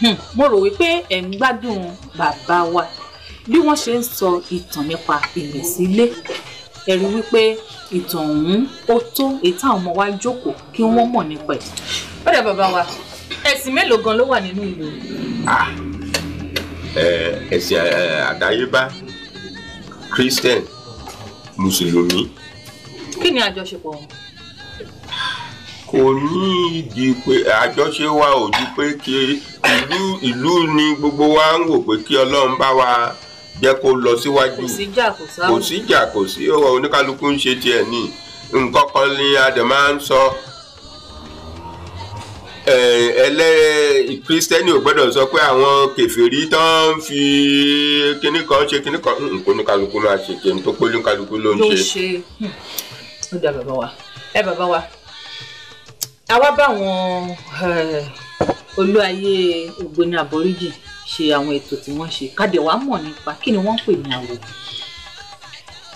Hmm, mo rò wípé ẹ̀ ń gbádùn bàbá wa bí wọ́n ṣe ń sọ ìtàn nípa ìgbésílé ẹ rí wípé ìtàn ọ̀hún ó tó ètò àwọn ọmọ wa jókòó kí wọ́n mọ̀ nípa ẹ̀. ó dẹ̀ bàbá wa ẹ̀sìn mélòó gan ló wà nínú ìlú ah, ẹ̀sìn àdáyébá christian mùsùlùmí. kí ni àjọṣepọ̀ wọn kò ní ìdí pé àjọṣe wa ò ju pé kí ìlú ìlú ni gbogbo wa ń wò pé kí ọlọ́run bá wa jẹ́ kó lọ síwájú kò síjà kò sí ọ̀rọ̀ oníkálukú ń ṣe tiẹ̀ ní nǹkan kan ni adẹ̀ máa ń sọ ẹlẹ́ kristẹni ò gbọ́dọ̀ sọ pé àwọn kèfèrí tán ń fi kinní kan ṣe kinní kan nǹkan oníkálukú máa ṣe kí n tó pé oníkálukú ló ń ṣe. ló ṣe ó dá bàbá wa ẹ bàbá wa Awa wá bá àwọn eh, olúayé ògbóni àbóríjì ṣe àwọn ètò tí wọ́n ṣe kádẹ wàá mọ̀ nípa kí ni wọ́n pè ní àwò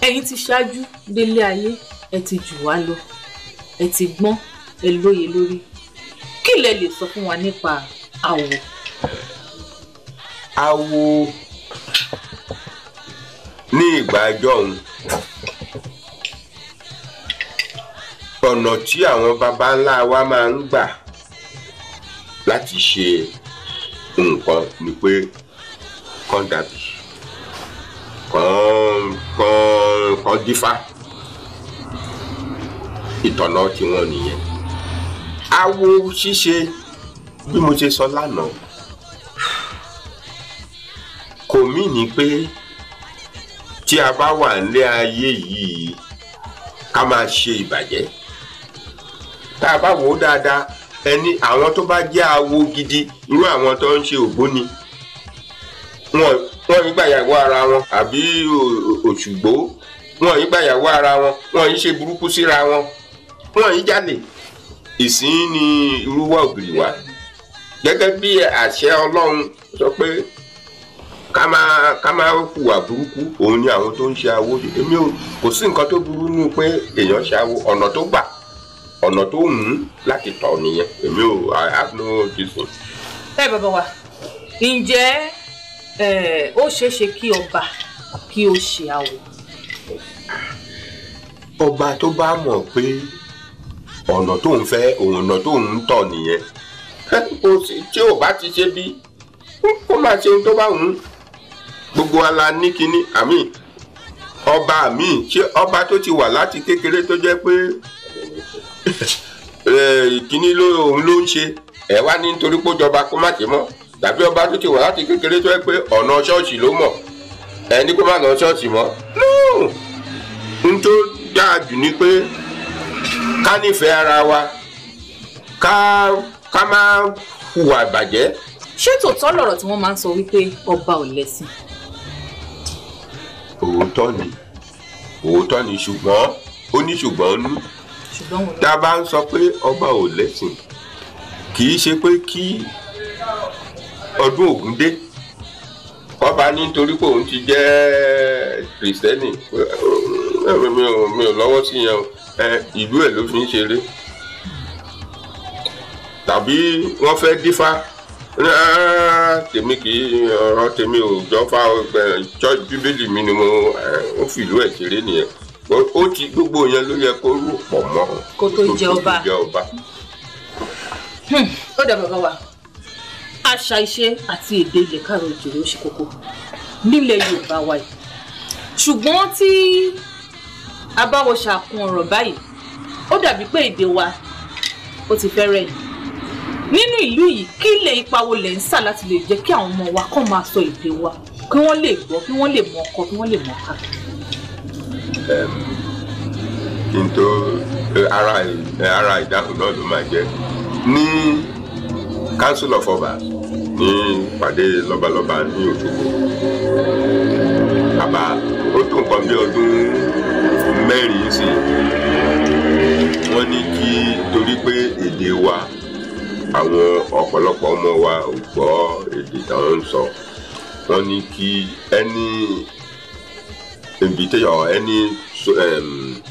ẹ̀yin ti ṣáájú délé ayé ẹ ti jù wá lọ ẹ ti gbọ́n ẹ lóye lórí kí lẹ lè sọ fún wa nípa àwò. àwò ní ìgbà àjọ òun ọ̀nà tí àwọn baba ńlá wa máa ń gbà láti ṣe nǹkan ni pé kàn dàbí kàn kàn kàn dífá ìtọ̀nà tiwọn nìyẹn awo ṣíṣe bí mo ṣe sọ lánàá kò mí ní pé tí a bá wà nílé ayé yìí ká máa ṣe ìbàjẹ́ tá a bá wò ó dáadáa ẹni àwọn tó bá jẹ́ awo gidi irú àwọn tó ń ṣe ògbóni wọn wọn yìí gbàyàwó ara wọn àbí òṣùgbó wọn yìí gbàyàwó ara wọn wọn yìí ṣe burúkú síra wọn wọn yìí jalè ìsìn ni irúwà ògiri wa gẹ́gẹ́ bí àṣẹ Ọlọ́run sọ pé ká máa ká máa hùwà burúkú òun ni àwọn tó ń ṣe awo èmi ò kò sí nǹkan tó burú nínú pé èèyàn ṣe awo ọ̀nà tó gbà ọ̀nà tó mú láti tọ̀ nìyẹn èmi ò i have no reason. ẹ bàbá wa ǹjẹ́ ó ṣeé ṣe kí ọba kí ó ṣe àwò. ọba tó bá mọ̀ pé ọ̀nà tó ń fẹ́ ọ̀nà tó ń tọ̀ nìyẹn tí ò bá ti ṣe bí kó máa ṣe ohun tó bá wù ú gbogbo ala ní kinní àmì ọba mi ṣé ọba tó ti wà láti kékeré tó jẹ́ pé. Eh, kíní òun ló ń ṣe ẹ wá ní nítorí pé ìjọba kó má ṣe mọ́ tàbí ọba tó ti wà láti kékeré tó yẹ pé ọ̀nà ṣọ́ọ̀ṣì ló mọ̀ ẹ ní kó má lọ ṣọ́ọ̀ṣì mọ́ n tó dáa jù ni pé ká nífẹ̀ẹ́ ara wa ká ká má hùwà ìbàjẹ́. ṣé tòótọ́ lọ̀rọ̀ tí wọ́n máa ń sọ wípé ọba ò lẹ́sìn. òótọ́ ni òótọ́ ni ṣùgbọ́n ó ní ṣùgbọ́n nú tá a bá ń sọ pé ọba ò lẹ́sìn kì í ṣe pé kí ọdún Ògún dé kọba nítorí pé òun ti jẹ́ kìrìsìtẹ́nì mi ò lọ́wọ́ sí yẹn o ìlú ẹ̀ ló fi ń ṣeré tàbí wọ́n fẹ́ dífá ah, tèmi kì í ọ̀rọ̀ tèmi ò jọ fá bíbélì mi ni mo fìlú ẹ̀ ṣeré nìyẹn ó ti gbogbo yẹn ló yẹ kó rò pọ̀ mọ́ kó tó jẹ ọba hmm, ó dẹ̀ bàbá wa àṣà ìṣe àti èdè ilẹ̀ káàrọ̀ òjòrò ó ṣe kókó nílẹ̀ Yorùbá wa yìí ṣùgbọ́n tí a bá wọ ṣàkun ọ̀rọ̀ báyìí ó dàbí pé èdè wa ó ti fẹ́ rẹ̀ nínú ìlú yìí kí ilẹ̀ ipa wo lẹ̀ ń sà láti lè jẹ́ kí àwọn ọmọ wa kàn máa sọ èdè wa kí wọ́n lè gbọ́ kí wọ́n lè mọ̀ ọkọ kí wọ́n lè mọ̀ ọ̀ka kí n tó eh, ara eh, ara ìdáhùn náà ló máa jẹ ní council of ọba ní ìpàdé lọ́balọ́ba ní Òṣogbo bàbá ó tó nǹkan bí ọdún mẹ́rin sí wọ́n ní kí torí pé èdè wa àwọn ọ̀pọ̀lọpọ̀ ọmọ wa ò gbọ́ èdè táwọn ń sọ wọ́n ní kí ẹni invite invitei, ó, N, é,